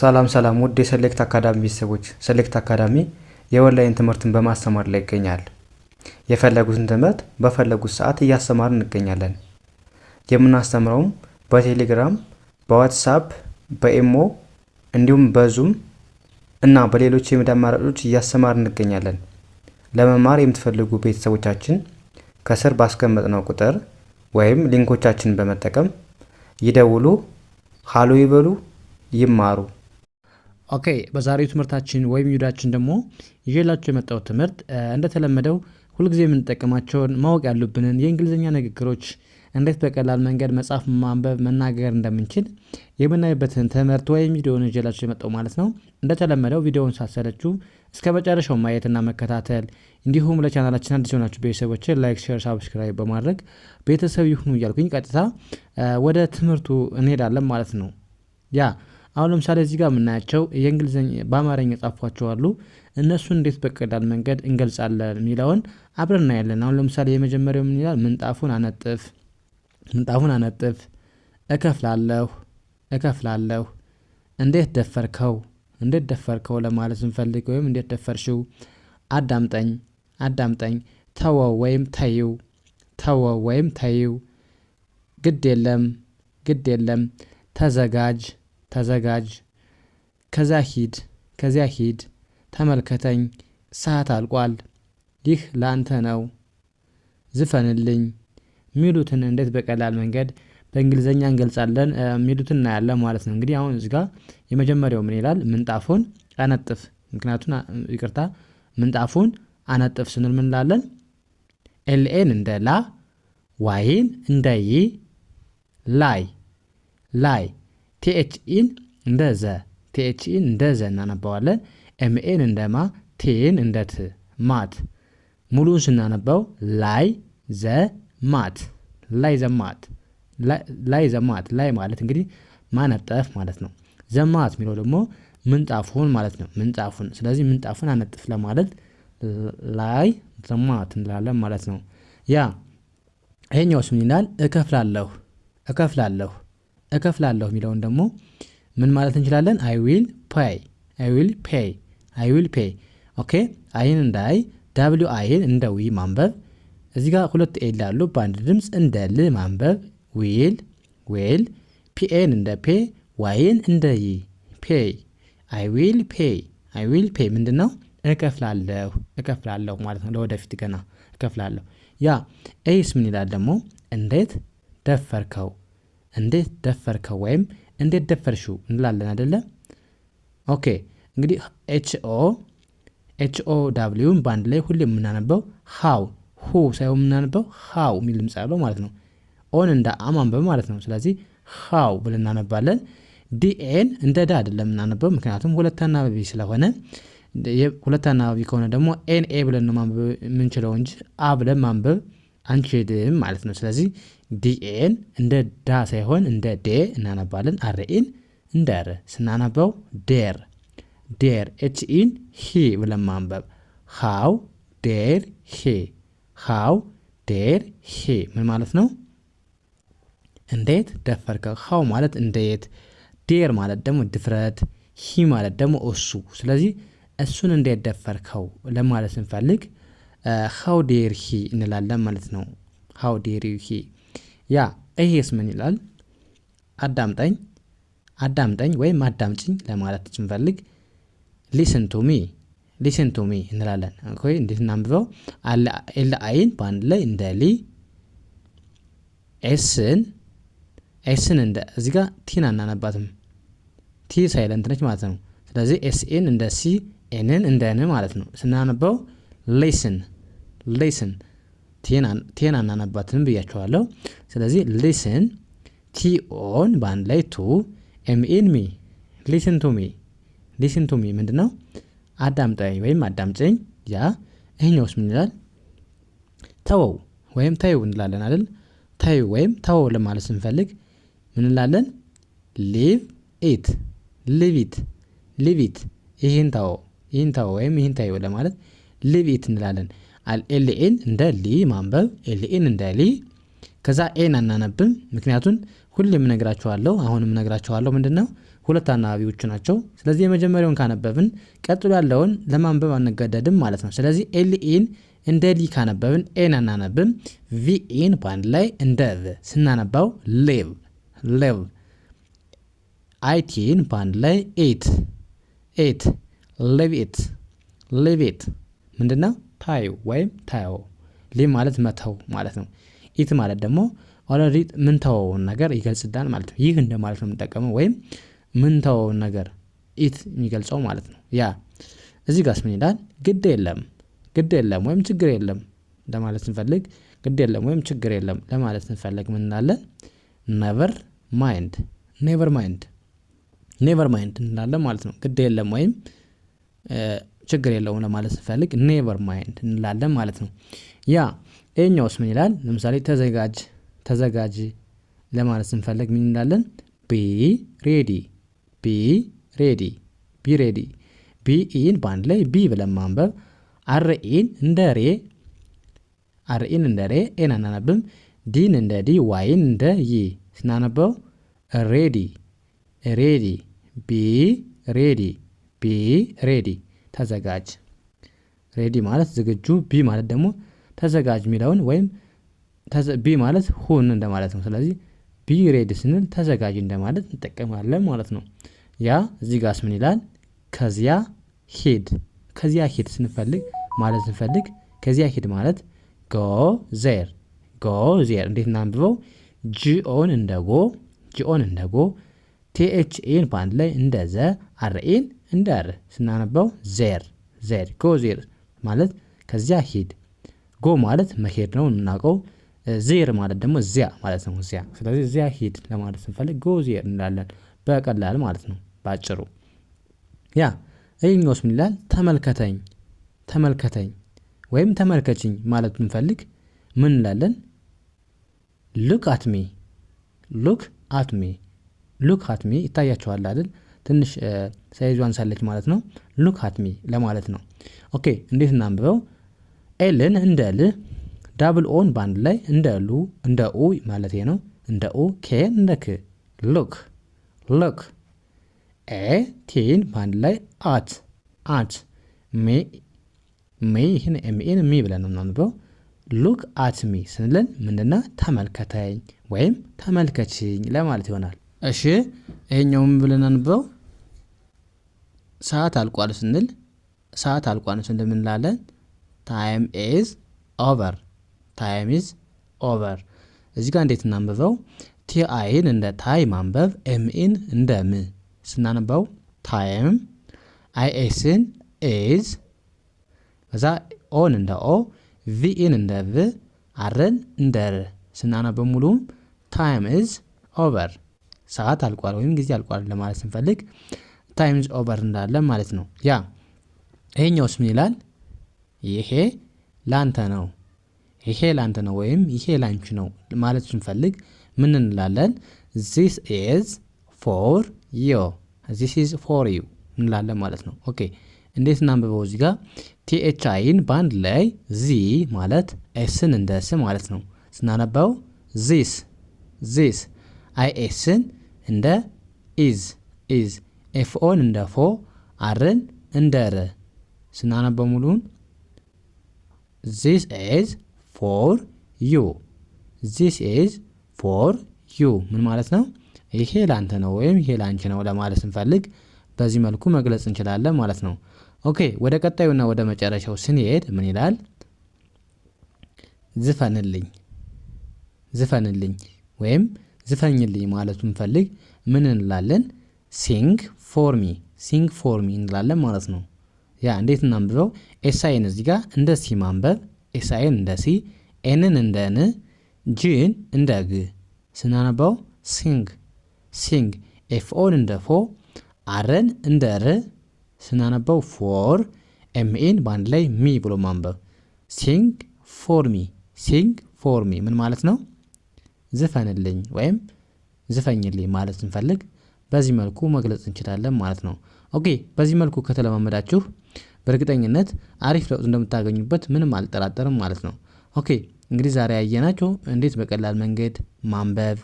ሰላም ሰላም ውድ የሴሌክት አካዳሚ ቤተሰቦች፣ ሴሌክት አካዳሚ የኦንላይን ትምህርትን በማስተማር ላይ ይገኛል። የፈለጉትን ትምህርት በፈለጉት ሰዓት እያስተማር እንገኛለን። የምናስተምረውም በቴሌግራም፣ በዋትሳፕ፣ በኤሞ እንዲሁም በዙም እና በሌሎች የሚዲያ አማራጮች እያስተማር እንገኛለን። ለመማር የምትፈልጉ ቤተሰቦቻችን ከስር ባስቀመጥነው ቁጥር ወይም ሊንኮቻችንን በመጠቀም ይደውሉ፣ ሀሎ ይበሉ፣ ይማሩ። ኦኬ በዛሬው ትምህርታችን ወይም ዩዳችን ደግሞ ይዤላችሁ የመጣው ትምህርት እንደተለመደው ሁልጊዜ የምንጠቀማቸውን ማወቅ ያሉብንን የእንግሊዝኛ ንግግሮች እንዴት በቀላል መንገድ መጻፍ፣ ማንበብ፣ መናገር እንደምንችል የምናይበትን ትምህርት ወይም ቪዲዮን ይዤላችሁ የመጣው ማለት ነው። እንደተለመደው ቪዲዮውን ሳሰለችሁ እስከ መጨረሻው ማየትና መከታተል እንዲሁም ለቻናላችን አዲስ የሆናችሁ ቤተሰቦች ላይክ፣ ሼር፣ ሳብስክራይብ በማድረግ ቤተሰብ ይሁኑ እያልኩኝ ቀጥታ ወደ ትምህርቱ እንሄዳለን ማለት ነው ያ አሁን ለምሳሌ እዚህ ጋር የምናያቸው የእንግሊዝኛ በአማርኛ የጻፏቸው አሉ። እነሱን እንዴት በቀላል መንገድ እንገልጻለን የሚለውን አብረን እናያለን። አሁን ለምሳሌ የመጀመሪያው ምን ይላል? ምንጣፉን አነጥፍ፣ ምንጣፉን አነጥፍ፣ እከፍላለሁ፣ እከፍላለሁ፣ እንዴት ደፈርከው፣ እንዴት ደፈርከው ለማለት ስንፈልግ ወይም እንዴት ደፈርሽው፣ አዳምጠኝ፣ አዳምጠኝ፣ ተወው ወይም ተይው፣ ተወው ወይም ተይው፣ ግድ የለም፣ ግድ የለም፣ ተዘጋጅ ተዘጋጅ፣ ከዛ ሂድ፣ ከዚያ ሂድ፣ ተመልከተኝ፣ ሰዓት አልቋል፣ ይህ ለአንተ ነው፣ ዝፈንልኝ ሚሉትን እንዴት በቀላል መንገድ በእንግሊዝኛ እንገልጻለን ሚሉትን እናያለን ማለት ነው። እንግዲህ አሁን እዚህ ጋር የመጀመሪያው ምን ይላል? ምንጣፉን አነጥፍ። ምክንያቱን ይቅርታ፣ ምንጣፉን አነጥፍ ስንል ምን እንላለን? ኤልኤን እንደ ላ፣ ዋይን እንደ ይ፣ ላይ ላይ ቲኤችኢን እንደ ዘ ቲኤችኢን እንደ ዘ እናነባዋለን። ኤምኤን እንደ ማ፣ ቴን እንደ ት ማት። ሙሉን ስናነባው ላይ ዘ ማት ላይ ዘማት ላይ ማት ላይ ማለት እንግዲህ ማነጠፍ ማለት ነው። ዘማት የሚለው ደግሞ ምንጣፉን ማለት ነው። ምንጣፉን ስለዚህ ምንጣፉን አነጥፍ ለማለት ላይ ዘማት እንላለን ማለት ነው። ያ ይሄኛውስ ምን ይላል? እከፍላለሁ እከፍላለሁ እከፍላለሁ የሚለውን ደግሞ ምን ማለት እንችላለን? አይ ዊል ፔይ፣ አይ ዊል ፔይ፣ አይ ዊል ፔይ። ኦኬ አይን እንደ አይ ዳብሊው አይን እንደ ዊ ማንበብ እዚህ ጋር ሁለት ኤል አሉ በአንድ ድምፅ እንደ ል ማንበብ ዊል ዌል ፒኤን እንደ ፔ ዋይን እንደ ይ ፔይ አይ ዊል ፔይ አይ ዊል ፔይ ምንድን ነው እከፍላለሁ እከፍላለሁ ማለት ነው ለወደፊት ገና እከፍላለሁ ያ ኤይስ ምን ይላል ደግሞ እንዴት ደፈርከው እንዴት ደፈርከው ወይም እንዴት ደፈርሽው እንላለን አደለ? ኦኬ እንግዲህ ኤችኦ ኤችኦ ዳብሊውን በአንድ ላይ ሁሌ የምናነበው ሃው ሁ ሳይሆን የምናነበው ሃው የሚል ድምፅ ያለው ማለት ነው። ኦን እንደ አማንበብ ማለት ነው። ስለዚህ ሃው ብለን እናነባለን። ዲኤን እንደ ዳ አይደለም እናነበው፣ ምክንያቱም ሁለት አናባቢ ስለሆነ ሁለት አናባቢ ከሆነ ደግሞ ኤን ኤ ብለን ነው ማንበብ የምንችለው እንጂ አ ብለን ማንበብ አንችልም ማለት ነው። ስለዚህ ዲኤን እንደ ዳ ሳይሆን እንደ ዴ እናነባለን። አርኢን እንደ ር ስናነባው ዴር ዴር፣ ኤችኢን ሂ ብለን ማንበብ ሃው ዴር ሂ ሃው ዴር ሂ ምን ማለት ነው? እንዴት ደፈርከው። ሃው ማለት እንዴት፣ ዴር ማለት ደግሞ ድፍረት፣ ሂ ማለት ደግሞ እሱ። ስለዚህ እሱን እንዴት ደፈርከው ለማለት ስንፈልግ ሃው ዴር ሂ እንላለን ማለት ነው። ሃው ዴር ሂ ያ ይሄስ ምን ይላል? አዳምጠኝ አዳምጠኝ ወይም አዳምጭኝ ለማለት ስንፈልግ ሊስን ቱ ሚ ሊስን ቱ ሚ እንላለን። ኦኬ እንዴት እናንብበው? ኤል አይን በአንድ ላይ እንደ ሊ ኤስን ኤስን እንደ እዚህ ጋር ቲን አናነባትም። ቲ ሳይለንት ነች ማለት ነው። ስለዚህ ኤስኤን እንደ ሲ ኤንን እንደ ን ማለት ነው። ስናነበው ሌስን ሌስን ቴን አናነባትም ብያቸዋለሁ። ስለዚህ ሊስን ቲኦን በአንድ ላይ ቱ ኤምኢን ሚ ሊስን ቱ ሚ ሊስን ቱ ሚ ምንድን ነው? አዳምጠኝ ወይም አዳምጨኝ። ያ ይህኛውስ ምን ይላል? ተወው ወይም ተዩ እንላለን አይደል? ተዩ ወይም ተወው ለማለት ስንፈልግ ምን እንላለን? ሊቭ ኢት ሊቭ ኢት ሊቭ ኢት ይህን ተወው ይህን ተወው ወይም ይህን ታዩ ለማለት ሊቭ ኢት እንላለን። ኤልኤን እንደ ሊ ማንበብ ኤልኤን እንደ ሊ ከዛ ኤን አናነብም፣ ምክንያቱም ሁሌም ነግራቸዋለሁ፣ አሁንም ነግራቸዋለሁ። ምንድን ነው ሁለት አናባቢዎቹ ናቸው። ስለዚህ የመጀመሪያውን ካነበብን ቀጥሎ ያለውን ለማንበብ አንገደድም ማለት ነው። ስለዚህ ኤልኢን እንደ ሊ ካነበብን ኤን አናነብም። ቪኢን በአንድ ላይ እንደ ቭ ስናነባው ሌቭ ሌቭ። አይቲን በአንድ ላይ ኤት ኤት ሌቪት ሌቪት ምንድን ነው ታዩ ወይም ታየው ሊ ማለት መተው ማለት ነው። ኢት ማለት ደግሞ ኦልሬዲ ምንተወውን ነገር ይገልጽዳል ማለት ነው። ይህ እንደማለት ነው የምንጠቀመው ወይም ምንተወውን ነገር ኢት የሚገልጸው ማለት ነው። ያ እዚህ ጋስ ምን ይላል? ግድ የለም ግድ የለም ወይም ችግር የለም ለማለት ስንፈልግ ግድ የለም ወይም ችግር የለም ለማለት ስንፈልግ ምን እንላለን? ነቨር ማይንድ ኔቨር ማይንድ ኔቨር ማይንድ እንላለን ማለት ነው። ግድ የለም ወይም ችግር የለውም ለማለት ስንፈልግ ኔቨር ማይንድ እንላለን ማለት ነው። ያ ይሄኛውስ ምን ይላል? ለምሳሌ ተዘጋጅ ተዘጋጅ ለማለት ስንፈልግ ምን እንላለን? ቢ ሬዲ ቢ ሬዲ ቢ ሬዲ ቢ ኢን በአንድ ላይ ቢ ብለን ማንበብ አርኢን እንደ ሬ አርኢን እንደ ሬ ኤን አናነብም። ዲን እንደ ዲ ዋይን እንደ ይ ስናነበው ሬዲ ሬዲ ቢ ሬዲ ቢ ሬዲ ተዘጋጅ ሬዲ ማለት ዝግጁ ቢ ማለት ደግሞ ተዘጋጅ የሚለውን ወይም ቢ ማለት ሁን እንደማለት ነው። ስለዚህ ቢ ሬድ ስንል ተዘጋጅ እንደማለት እንጠቀማለን ማለት ነው። ያ እዚህ ጋስ ምን ይላል? ከዚያ ሂድ። ከዚያ ሄድ ስንፈልግ ማለት ስንፈልግ ከዚያ ሂድ ማለት ጎ ዜር፣ ጎ ዜር። እንዴት እናንብበው? ጂኦን እንደ ጎ፣ ጂኦን እንደ ጎ፣ ቲኤችኤን በአንድ ላይ እንደ ዘ፣ አርኤን እንደ ር ስናነበው ዜር፣ ዜር፣ ጎ ዜር ማለት ከዚያ ሂድ ጎ ማለት መሄድ ነው የምናውቀው። ዜር ማለት ደግሞ እዚያ ማለት ነው። እዚያ ስለዚህ እዚያ ሂድ ለማለት ስንፈልግ ጎ ዜር እንላለን። በቀላል ማለት ነው ባጭሩ። ያ ይህኛውስ ምን ይላል? ተመልከተኝ ተመልከተኝ ወይም ተመልከችኝ ማለት ብንፈልግ ምን እንላለን? ሉክ አትሚ ሉክ አትሚ ሉክ አትሚ። ይታያችኋል አይደል? ትንሽ ሳይዟን ሳለች ማለት ነው። ሉክ አትሚ ለማለት ነው። ኦኬ እንዴት እናንብበው? ኤልን እንደ ል ዳብል ኦን በአንድ ላይ እንደ ሉ እንደ ኡ ማለት ነው። እንደ ኡ ኬ እንደ ክ ሉክ ሉክ ኤ ቲን በአንድ ላይ አት አት ሜ ይህን ኤምኤን ሚ ብለን ነው የምናንበው። ሉክ አት ሚ ስንልን ምንድና ተመልከተኝ ወይም ተመልከችኝ ለማለት ይሆናል። እሺ ይሄኛው ይሄኛውም ብለን አንበው ሰዓት አልቋል ስንል ሰዓት አልቋል ስንል ምንላለን? ታይም ኢዝ ኦቨር ታይም ኢዝ ኦቨር። እዚህ ጋር እንዴት እናንብበው? ቲአይን እንደ ታይ ማንበብ፣ ኤምኢን እንደ ም ስናነበው ታይም፣ አይኤስን ኤዝ፣ ከዛ ኦን እንደ ኦ፣ ቪኢን እንደ ቭ፣ አርን እንደ ር ስናነበው ሙሉም ታይም ኢዝ ኦቨር ሰዓት አልቋል ወይም ጊዜ አልቋል ለማለት ስንፈልግ ታይም ኢዝ ኦቨር እንዳለ ማለት ነው። ያ ይሄኛውስ ምን ይላል? ይሄ ላንተ ነው፣ ይሄ ላንተ ነው ወይም ይሄ ላንቺ ነው ማለት ስንፈልግ ምን እንላለን? this ኢዝ ፎር you this is ፎር ዩ እንላለን ማለት ነው። ኦኬ እንዴት እናንብበው? እዚህ ጋር ቲኤች አይን በአንድ ላይ ዚ ማለት ኤስን እንደ ስ ማለት ነው። ስናነበው ዚስ ዚስ፣ አይ ኤስን እንደ ኢዝ ኢዝ፣ ኤፍኦን እንደ ፎ፣ አርን እንደ ር ስናነበው ሙሉን ዚስ ኢዝ ፎር ዩ ዚስ ኢዝ ፎር ዩ ምን ማለት ነው? ይሄ ላንተ ነው ወይም ይሄ ላንቺ ነው ለማለት ስንፈልግ በዚህ መልኩ መግለጽ እንችላለን ማለት ነው። ኦኬ ወደ ቀጣዩና ወደ መጨረሻው ስንሄድ ምን ይላል? ዝፈንልኝ ዝፈንልኝ ወይም ዝፈኝልኝ ማለቱ እንፈልግ ምን እንላለን? ሲንግ ፎርሚ ሲንግ ፎርሚ እንላለን ማለት ነው። ያ እንዴት እናንብበው? ኤስአይን እዚህ ጋር እንደ ሲ ማንበብ ኤስአይን እንደ ሲ፣ ኤንን እንደ ን፣ ጂን እንደ ግ ስናነባው ሲንግ ሲንግ፣ ኤፍኦን እንደ ፎ፣ አርን እንደ ር ስናነባው ፎር፣ ኤምኤን በአንድ ላይ ሚ ብሎ ማንበብ ሲንግ ፎርሚ ሲንግ ፎር ሚ ምን ማለት ነው? ዝፈንልኝ ወይም ዝፈኝልኝ ማለት ስንፈልግ በዚህ መልኩ መግለጽ እንችላለን ማለት ነው። ኦኬ በዚህ መልኩ ከተለማመዳችሁ በእርግጠኝነት አሪፍ ለውጥ እንደምታገኙበት ምንም አልጠራጠርም ማለት ነው። ኦኬ እንግዲህ ዛሬ ያየናቸው እንዴት በቀላል መንገድ ማንበብ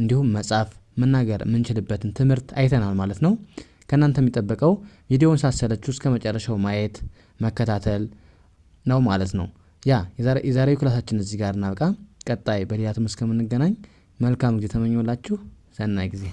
እንዲሁም መጻፍ መናገር የምንችልበትን ትምህርት አይተናል ማለት ነው። ከእናንተ የሚጠበቀው ቪዲዮውን ሳሰለችሁ እስከ መጨረሻው ማየት መከታተል ነው ማለት ነው። ያ የዛሬው ክላሳችን እዚህ ጋር እናብቃ። ቀጣይ በሌላትም እስከምንገናኝ መልካም ጊዜ ተመኘላችሁ። ሰናይ ጊዜ